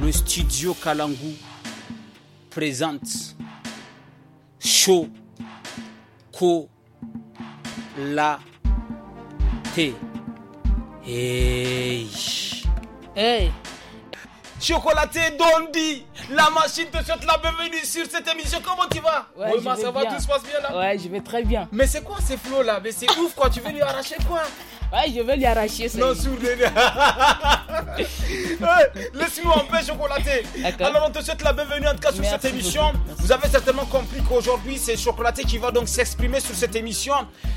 le studio Kalangu présente Chocolaté. La T. Hey. Hey. Chocolaté Dondi, la machine te souhaite la bienvenue sur cette émission. Comment tu vas Ouais, oui, bah, ça va, tout se passe bien là Ouais, je vais très bien. Mais c'est quoi ces flots là Mais c'est ouf quoi, tu veux lui arracher quoi je vais lui arracher ça. Non, sourde. Laisse-nous en paix, chocolaté. Alors, on te souhaite la bienvenue en tout cas sur cette émission. Vous avez certainement compris qu'aujourd'hui, c'est Chocolaté qui va donc s'exprimer sur cette émission.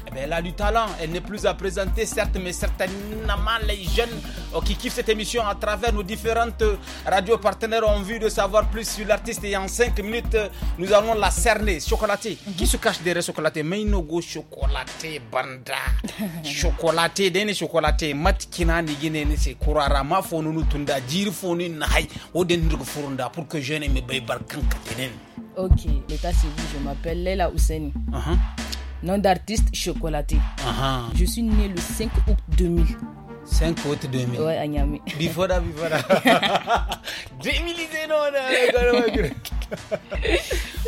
Eh elle a du talent. Elle n'est plus à présenter, certes, mais certainement les jeunes oh, qui kiffent cette émission à travers nos différentes euh, radios partenaires ont envie de savoir plus sur l'artiste. Et en 5 minutes, euh, nous allons la cerner. Chocolaté. Qui se cache derrière Chocolaté Mais il de Chocolaté Banda. Chocolaté te chocolaté mat kinani ni gine ne se kurara ma fonu nu tunda jiri fonu na hay o furunda pour que jeune me bay barkan katenen OK l'état civil je m'appelle Leila Ouseni uh -huh. nom d'artiste chocolaté uh -huh. je suis né le 5 août 2000 5 août 2000 ouais à Niamey before that before that 2000 non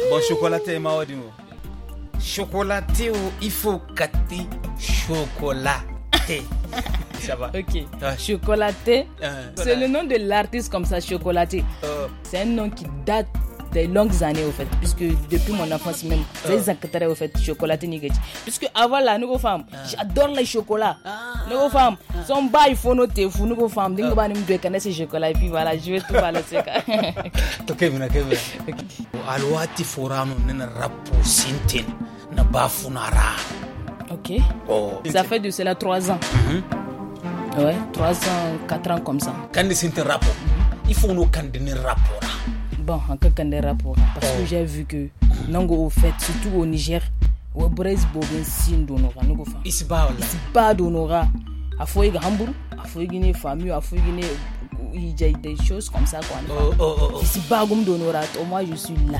bon chocolaté ma wadi chocolaté oh, il faut kati chocolat ça Ok. Chocolaté. c'est le nom de l'artiste comme ça, Chocolaté. Oh. C'est un nom qui date des longues années au fait, puisque depuis mon enfance même, oh. très Zakatare au fait, chocolaté nigeti. Puisque avant la nouveau femme, ah. j'adore les chocolats. Ah. Nouveau femme, ah. son bas il faut noter, fou nouveau femme, dingo je oh. vais de caner ces chocolats et puis voilà, je vais tout balancer. Ok, mina kebe. Alouati forano sintin na Oh. Ça fait de cela trois ans. Mhm. trois ans, quatre ans comme ça. Quand il faut nous quand rapport. Bon, encore des rapport. Hein, parce que oh. j'ai vu que, au fait, surtout au Niger, signe afoy afoy il des choses comme ça quoi. Oh, oh, oh, oh, je suis là.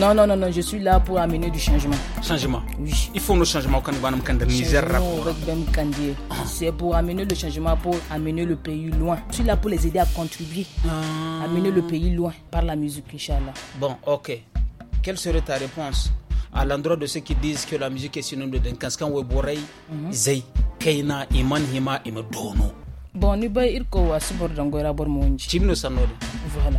Non, non, non, non, je suis là pour amener du changement. Changement Oui. Il faut le changement quand nous Kandar Niger. Ah. C'est pour amener le changement, pour amener le pays loin. Je suis là pour les aider à contribuer, ah. amener le pays loin par la musique, Inch'Allah. Bon, ok. Quelle serait ta réponse à l'endroit de ceux qui disent que la musique est synonyme de ou Weborei, Zei, Keina, Iman, Hima, Imedono Bon, nous sommes là pour nous aider à Voilà.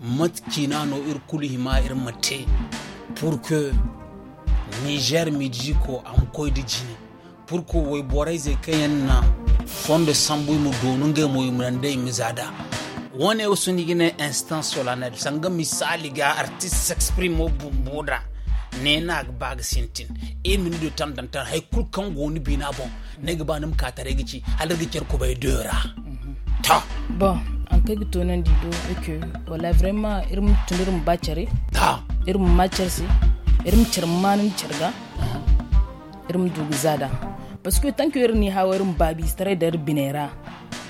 matkina no ir hima ir mate pour que niger mi ji ko am di jini pour que way boray ze kayen na fonde sambu mu donunge mo yumrande mi zada o suni gine instant solennel sanga misali ga artiste s'exprime o bumbuda nena bag sintin e min do tam dan tan hay kul kan woni bina bon nega banam gi ci halar gicer ko bay deura mhm. ta bon kegi tonen di do e que wala vraiment e irim tundirim e bacari irim e macarsi irim cermanin cerga irim dugu zada parce que tant que irin hawa irin babi tare da binera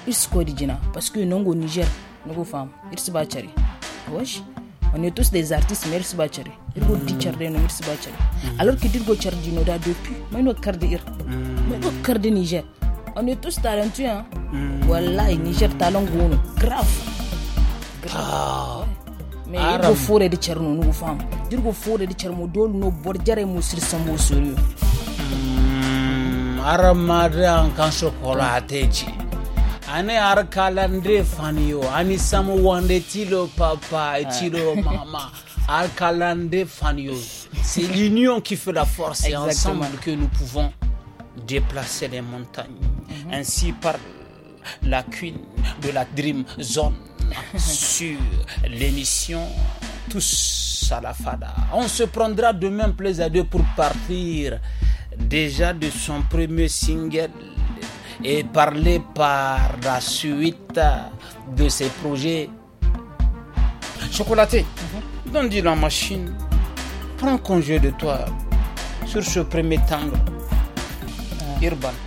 irsko di jina parce que nongo niger nongo fam irsi bacari wesh on est tous des artistes mais irsi bacari irgo di cerde no irsi bacari mm. alors que dirgo cerdino da depuis mais no karde ir mm. mais no karde niger on est tous talentueux. Hein. Mmh. Voilà, il Niger talent gono. Grave. Grave. Mais il faut fore de cherno nous femme. Dire que fore de cherno dol no bordiare mo sir sambo sérieux. Hmm, aramade en kan sokola ateji. ani ar kalandre faniyo ani wande tilo papa et tilo mama ar kalandre faniyo c'est l'union qui fait la force et ensemble que nous pouvons déplacer les montagnes. Ainsi par la queen de la Dream Zone sur l'émission Tous à la Fada. On se prendra demain plaisir deux pour partir déjà de son premier single et parler par la suite de ses projets Chocolaté, Mm la machine, prends congé de toi sur ce premier tango. ir bam.